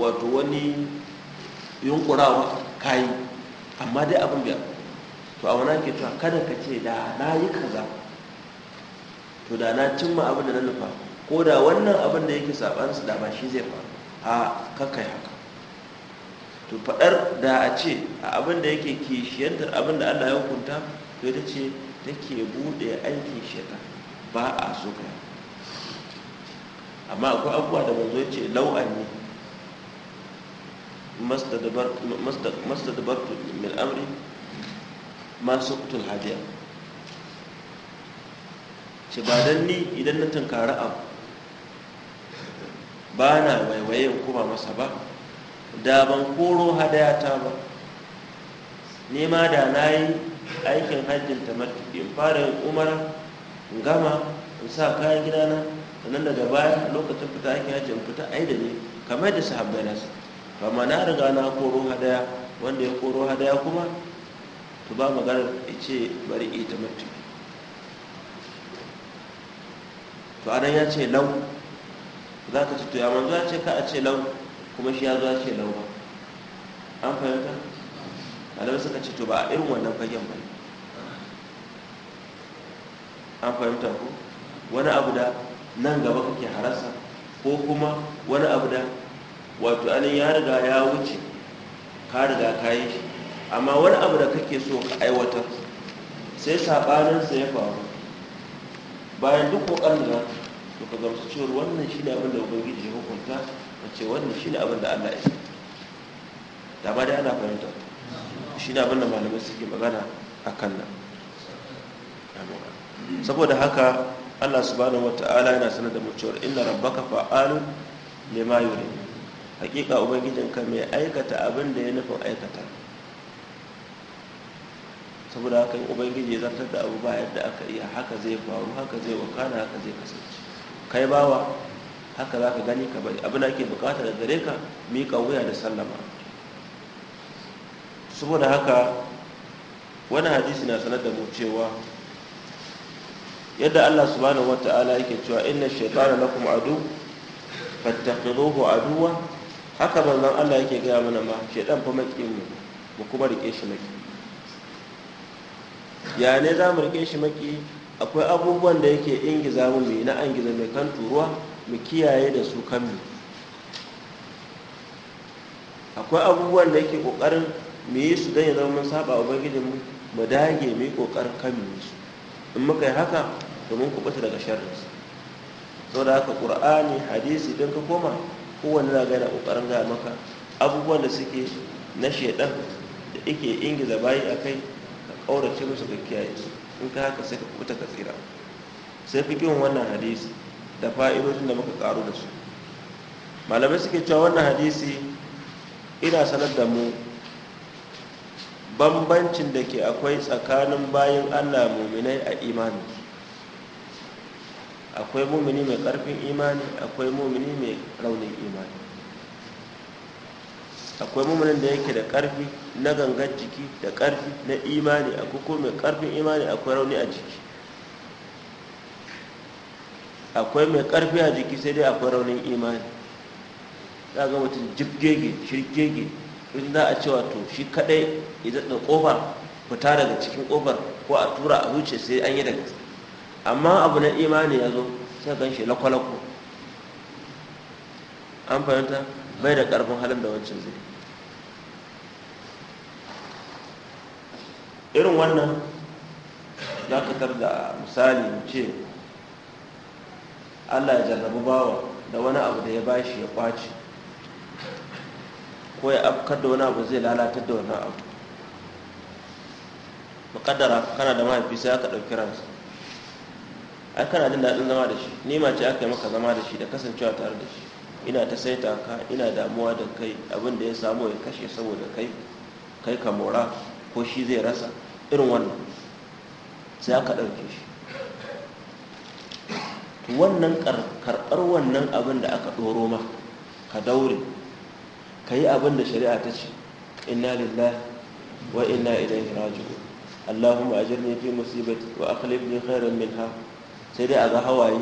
wato wani yunkurawa kayi amma dai abin biyar to a wana ke kada ka ce da na yi kaza to da na cimma abin da na nufa ko da wannan abin da yake su da ba shi zai fa a kakai haka to faɗar da a ce a abin da yake kishiyantar abin da allah ya hukunta to ita ce take buɗe aiki shaitan ba a so kai amma akwai abubuwa da manzo ya ce lau'an ne Masta da ما استدبرت amri الامر ما سقط ce ba don ni idan na tunkari abu ba na waiwayen kuma masa ba da ban koro hadayata ba nema da na yi aikin hajjin ta in fara yin umara gama in sa kayan gidana sannan daga baya lokacin fita aikin hajji in fita ai da ne kamar da sahabbai nasu amma na riga na koro hadaya wanda ya koro hadaya kuma to ba maganar ce bari ita mutu to anan ya ce lau za ka ci to ya manzo ya ce ka a ce lau kuma shi ya zo ce lau ba an fahimta alamun suka ce to ba a irin wannan fagen ba an fahimta ko wani abu da nan gaba kake harasa ko kuma wani abu da wato anin ya riga ya wuce ka riga ka yi shi amma wani abu da kake so ka aiwatar sai sa ya faru bayan duk kokarin da to ka gamsu cewar wannan shi ne abin da ubangiji ya hukunta a ce wannan shi ne abin da allah ya sa da ma dai ana fahimta shi ne abin da malamai suke magana a kan nan saboda haka allah subhanahu wata'ala yana sanar da mu cewar inna rabbaka fa'alu lima yuridu hakika ubangijinka mai aikata abin da ya nufin aikata saboda haka ubangiji ya zartar da abu ba yadda aka iya haka zai faru haka zai wakana haka zai kasance kai bawa haka za ka gani ka bari abin da ake bukata da gare ka miƙa wuya da sallama saboda haka wani hadisi na sanar da mu cewa yadda allah subhanahu wa ta'ala yake cewa inna shaitana lakum adu fattakiruhu aduwa haka manzon Allah yake gaya mana ma shedan fa maƙin mu mu kuma rike shi maƙi ya ne za mu rike shi maƙi akwai abubuwan da yake ingiza mu mai na an giza mai kan turuwa mu kiyaye da su kan mu akwai abubuwan da yake kokarin mu yi su dan ya zama mun saba ubangijin mu mu dage mu yi kokarin kan mu su in muka yi haka domin kubuta daga Sau saboda haka qur'ani hadisi don ka koma kowane na ga yana kokarin gaya maka abubuwan da suke na shaidan da yake ingiza bayi a kai ka ƙaurace musu ka kiyaye in ka haka sai ka kuta ka tsira sai fi fikin wannan hadisi da fa'idojin da muka karu da su malamai suke cewa wannan hadisi ina sanar da mu bambancin da ke akwai tsakanin bayan allah muminai a imani akwai mumini mai karfin imani akwai mumini mai raunin imani akwai muminin da yake da karfi na gangan jiki da karfi na imani akwai ko mai karfin imani akwai rauni a jiki akwai mai karfi a jiki sai dai akwai raunin imani za ga mutum jirgege shirgege in za a ce wato shi kadai idan da kofar fita daga cikin kofar ko a tura a zuce sai an yi da gaske amma abu na imani ya zo sai kan shi lakwalakwa an fahimta bai da ƙarfin halin da wancan zai irin wannan za ka da misali ce allah ya jarrabu bawa da wani abu da ya bashi ya kwace ko ya afkar da wani abu zai lalatar da wani abu makaddara kana da mahaifisa ya aka ɗauki ai kana jin daɗin zama da shi nema ce aka yi maka zama da shi da kasancewa tare da shi ina ta saita ka ina damuwa da kai abin da ya samu ya kashe saboda kai kai ka mora ko shi zai rasa irin wannan sai aka ɗauke shi wannan karɓar wannan abin da aka ɗoro ma ka daure ka yi abin da shari'a ta ce inna lillahi wa inna ilaihi raji'un allahumma ajirni fi musibati wa akhlifni khairan minha sai dai a ga hawaye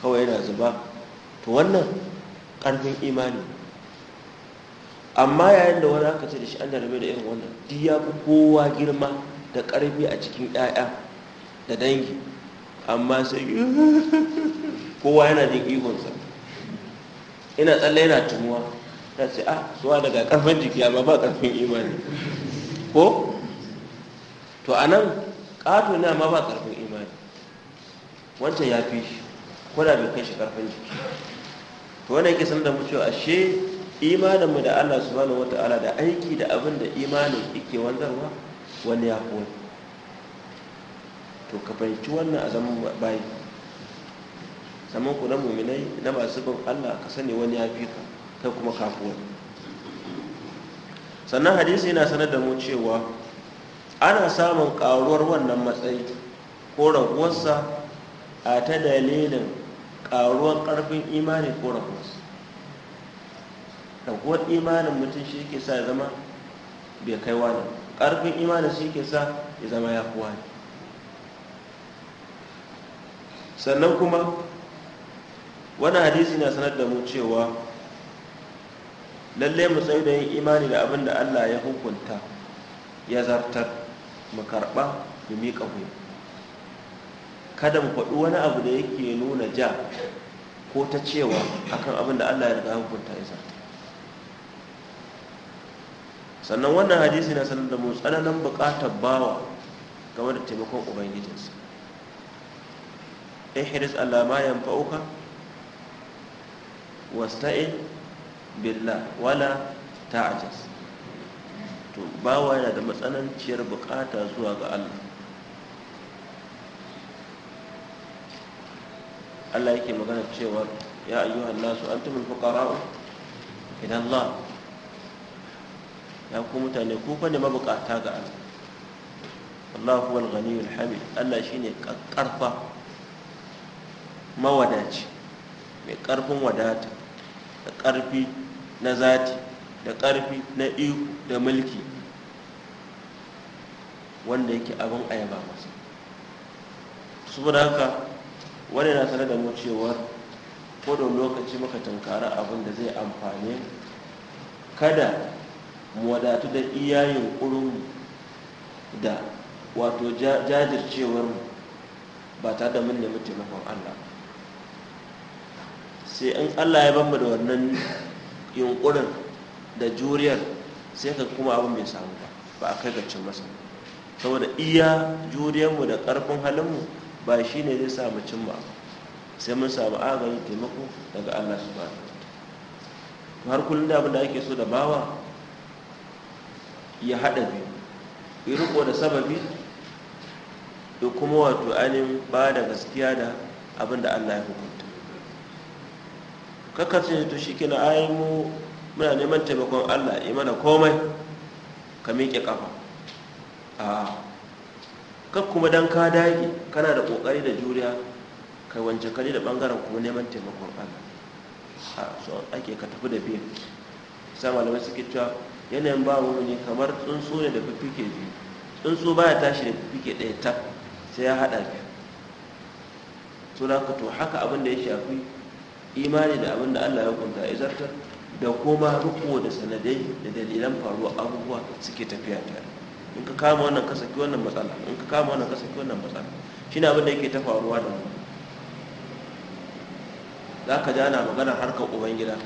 kawai yana zuba to wannan ƙarfin imani amma yayin da wani aka ce da shi an jarabe da irin wannan duk ya fi kowa girma da ƙarfi a cikin ƴaƴa da dangi amma sai yi kowa yana jin ihunsa ina tsalle yana tumuwa ta ce a ah, suwa daga ƙarfin jiki amma ba ƙarfin imani ko to anan ƙato ne amma ba ƙarfin imani wancan ya fi shi da bai kai shi karfin jiki to wannan yake sanar da mu cewa ashe imanin mu da Allah subhanahu wataala da aiki da abin da imanin yake wanzarwa wani ya kone. to ka fahimci wannan a zaman bayi zaman ku na muminai na masu bin Allah ka sani wani ya fi ka kai kuma kafuwa sannan hadisi yana sanar da mu cewa ana samun karuwar wannan matsayi ko raguwarsa a ta dalilin ƙaruwar ƙarfin imani ko rahuwarsa raguwar imanin mutum shi ke sa zama bai kai wani ƙarfin imanin shi ke sa ya zama ya fi wani sannan kuma wani hadisi na sanar da mu cewa lalle mu tsaye da yin imani da abin da allah ya hukunta ya zartar mu karɓa mu miƙa huyu kada mu faɗi wani abu da yake nuna ja ko ta cewa akan abin da Allah ya riga hukunta isa sannan wannan hadisi na sanar da mu tsananin buƙatar bawa game da taimakon ubangijinsa ihris Allah ma yanfa'uka wasta'in billah wala ta'jaz to bawa yana da matsananciyar buƙata zuwa ga Allah Allah yake magana cewa ya ayyuhan nasu antumul fuqara'u ila Allah ya ku mutane ku fa ne mabukata ga Allah Allah huwal ghaniyul hamid Allah shine karfa mawadaci mai karfin wadata da karfi na zati da karfi na iko da mulki wanda yake abin ayaba masa Su haka wani na tare da mu cewar kodon lokaci muka tunkara abin da zai amfane kada mu wadatu da iya yunkurinmu da wato mu ba tare da mun nemi taimakon allah sai in allah ya bambu da wannan yunkurin da juriyar sai ka kuma abin bai samu ba ba a kai gacin masa saboda iya juriyarmu da ƙarfin halinmu ba shi ne zai samu cimma sai mun samu agarin taimako daga allah su ba har kullum da abin da ake so da bawa ya haɗa biyu ya riko da sababi ya kuma wato ainihin ba da gaskiya da abin da allah ya hukunta ne to shi kina ayin mu muna neman taimakon allah ya mana komai ka miƙe ƙafa a kar kuma dan ka dage kana da kokari da juriya kai wance kali da bangaren kuma neman taimakon Allah a so ake ka tafi da biyan sai malamai suke cewa yanayin ba wani ne kamar tsuntsu ne da ke biyu tsuntsu baya tashi da ke ɗaya ta sai ya haɗa biyu to da ka to haka abin da ya shafi imani da abin da Allah ya kunta ya zartar da kuma riko da sanadai da dalilan faruwa abubuwa suke tafiya tare in ka kama wannan ka saki wannan matsala in ka kama wannan ka saki wannan matsala shi abin da yake ta faruwa da mu za ka ji ana magana harkar ubangida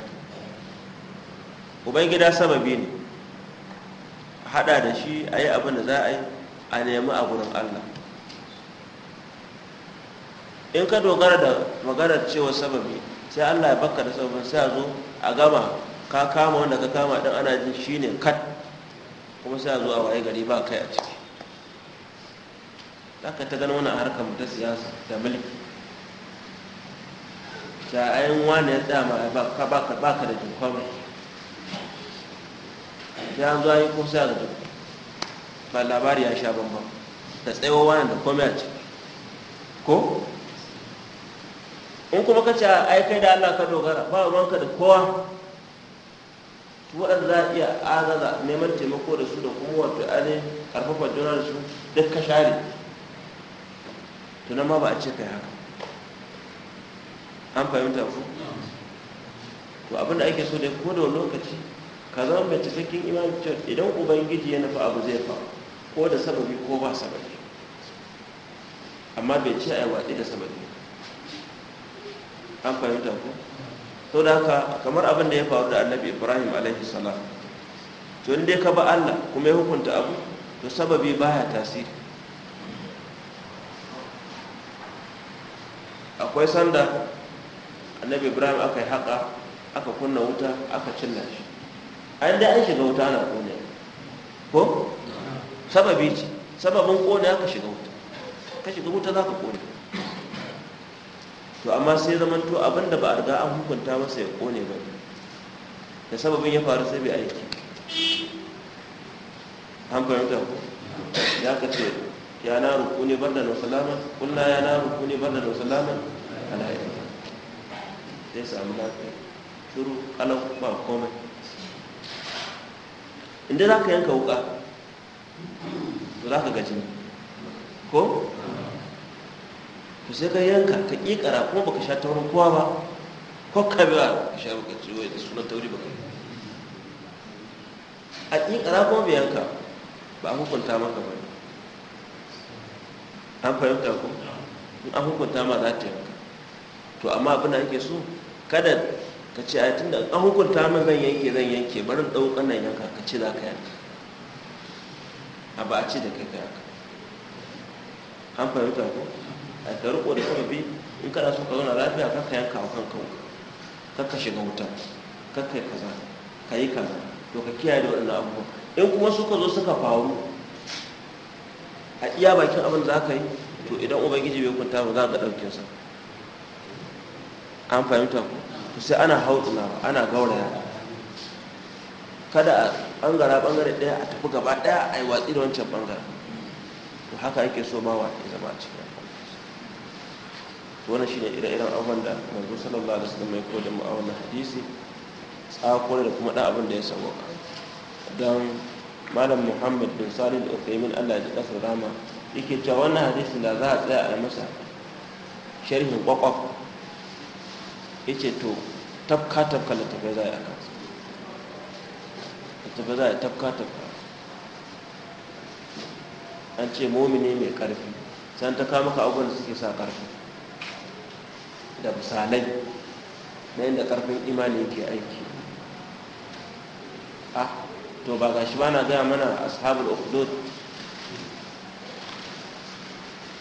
ubangida sababi ne a hada da shi a yi abin da za a yi a nemi a gurin allah in ka dogara da maganar cewa sababi sai allah ya baka da sababin sai a zo a gama ka kama wanda ka kama ɗin ana jin shi ne kat kuma sai zuwa waye gari ba kai a ciki haka ta gano wani harkar ta siyasa da mulki ta ayin wani ya tsaya ma ba ka da jinkon ya zuwa yi sai da zuwa ba labari ya sha bambam ta tsayo wani da komai a ciki ko in kuma ka ce aikai da allah ka dogara ba ruwanka da kowa waɗanda za a iya agaza neman taimako da su da kuma wato ainihin ƙarfafa juna da su duk ka share tunan ma ba a ce kai haka an fahimta ku to abin da ake so da ko da lokaci ka zama mai cikakken imanin cewa idan ubangiji ya nufa abu zai fa ko da sababi ko ba sababi amma bai ce a yi watsi da sababi an fahimta ku to da haka kamar abin da ya faru da annabi ibrahim alaihi salam to inda dai ka ba allah kuma ya hukunta abu to sababi baya tasiri akwai sanda annabi ibrahim aka yi haka aka kunna wuta aka cinna shi a inda an shiga wuta ana kone ko sababi ce sababin kone aka shiga wuta ka shiga wuta za ka kone to amma sai zaman to abinda ba a riga an hukunta masa ya kone ba da sababin ya faru sai bai aiki an fahimta ko ya ka ce ya na ruku ne banda na salama kulla ya na ruku ne banda na salama ana yi sai samu lafiya shuru kalan ba komai inda za ka yanka wuka za ka gaji ko to sai ka yanka ka kikara kuma baka sha taurin kowa ba ko ka biya ka sha baka ciwo da sunan tauri baka yi a ƙiƙara kuma bai yanka ba a hukunta maka ba an fahimta ko in an hukunta ma za ta yanka to amma abin da ake so kada ka ce a tunda an hukunta ma zan yanke zan yanke barin ɗaukan nan yanka ka ce za ka yanka a ba a ce da kai ka yanka an fahimta ko a ka riko da bi in kana so ka zauna lafiya ka ka yanka kan kanka ka ka shiga wuta ka ka yi kaza ka yi kaza to ka kiyaye da waɗannan abubuwa in kuma suka zo suka faru a iya bakin abin za ka yi to idan ubangiji bai kunta ba za ka ɗauke sa an fahimta ku to sai ana hautsina ana gauraya kada a bangara bangare ɗaya a tafi gaba ɗaya a yi watsi da wancan bangaren to haka yake so wa ya zama a cikin wannan shine ire-iren abin da manzo sallallahu alaihi wasallam ya koyar da mu a wannan hadisi tsakon da kuma dan abin da ya sabo dan malam Muhammad bin Salih al-Uthaymin Allah ya kasa rama yake cewa wannan hadisi da za a tsaya a masa sharhin kwakwaf yace to tafka tafka da tafi za a kan tafi za a tafka tafka an ce momine mai karfi san ta kama ka abubuwan da suke sa karfi da misalai na yadda karfin imani ke aiki ah to ba gashi ba na gaya mana ashabul ukhdud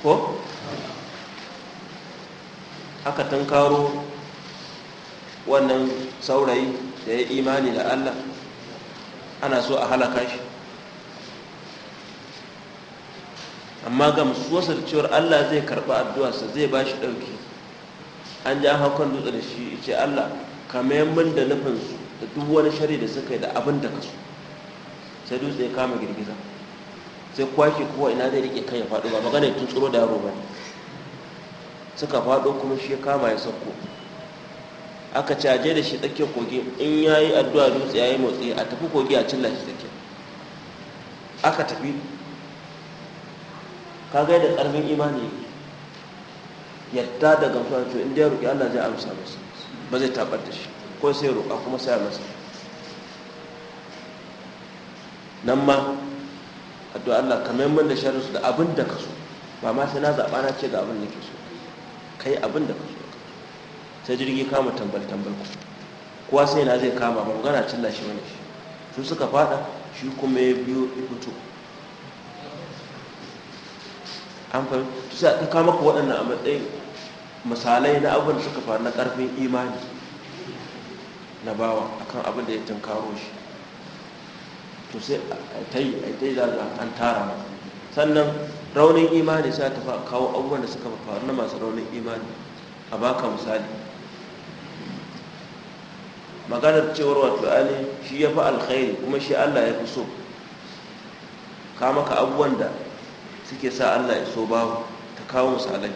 ko aka tankaro wannan saurayi da ya imani da Allah ana so a halaka shi amma ga musuwasar cewar Allah zai karɓi addu'arsa zai ba shi ɗauki an ja haukan dutse da shi ce Allah ka min da nufin su da duk wani shari da suka yi da abin da kasu sai dutse ya kama girgiza sai kwaki kowa ina zai rike kan ya faɗo ba magana tun tsoro da yaro ba suka faɗo kuma shi ya kama ya sauko aka caje da shi tsakiyar kogi in ya yi addu'a dutse ya yi motsi a tafi kogi a cilla shi tsakiyar aka tafi ka gai da ƙarfin imani yadda da gamsuwa to inda ya roƙi Allah zai amsa masa ba zai tabar da shi ko sai ya roƙa kuma sai ya masa nan ma addu'a Allah kamar mun da sharri da abin da ka so ba ma sai na zaɓa na ce ga abin da ke so kai abin da ka so sai jirgi kama tambal tambal ku kowa sai na zai kama ba magana cilla shi wani shi su suka fada shi kuma ya biyo ya fito an fahimta sai ta kama ka waɗannan a matsayin misalai na abin da suka faru na ƙarfin imani na bawa akan abin da ya tunkaro shi to sai ta yi ta yi zaga an tara maka sannan raunin imani sai ta kawo abubuwan da suka faru na masu raunin imani a baka misali maganar cewar wato ali shi ya fi alkhairi kuma shi allah ya fi so ka maka abubuwan da suke sa allah ya so babu ta kawo alai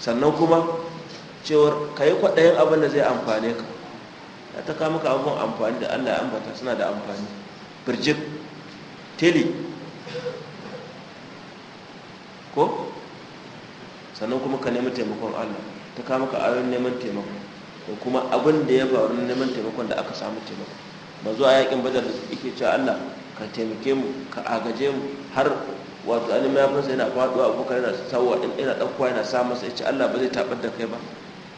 sannan kuma cewar ka yi kwaɗayin abin da zai amfane ka ya ta kama ka abubuwan amfani da allah ya ambata suna da amfani birjik tele ko sannan kuma ka nemi taimakon allah ta kama ka ayon neman taimakon Ko kuma abin da ya faru neman taimakon da aka samu taimakon mazuwa yakin bajar da suke cewa allah ka taimake mu ka agaje mu har wato an fasa yana a abokan yana sawa yana ɗaukowa yana sa masa ya ce allah ba zai taɓar da kai ba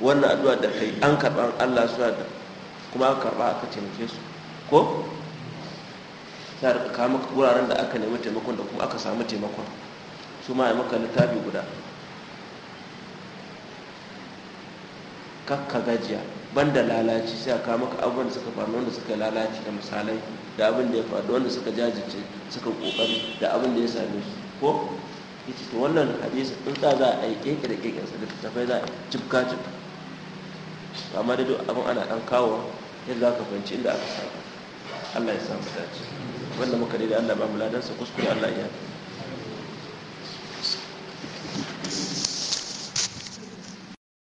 wannan addu'a da kai an karɓa allah suna da kuma an karɓa aka taimake su ko sai a kawo maka wuraren da aka nemi taimakon da kuma aka samu taimakon su ma maka littafi guda kakka gajiya banda lalaci sai ka kawo maka abubuwan da suka faru wanda suka lalaci da misalai da abin da ya faru wanda suka jajirce suka kokari da abin da ya same su ko yace to wannan hadisi in ta za a yi keke da keke sa da tafai za a cibka cibka amma da duk abin ana dan kawo yadda za ka fahimci inda aka samu. Allah ya samu dace wanda muka dai da Allah ba mu ladan sa kuskure Allah ya yi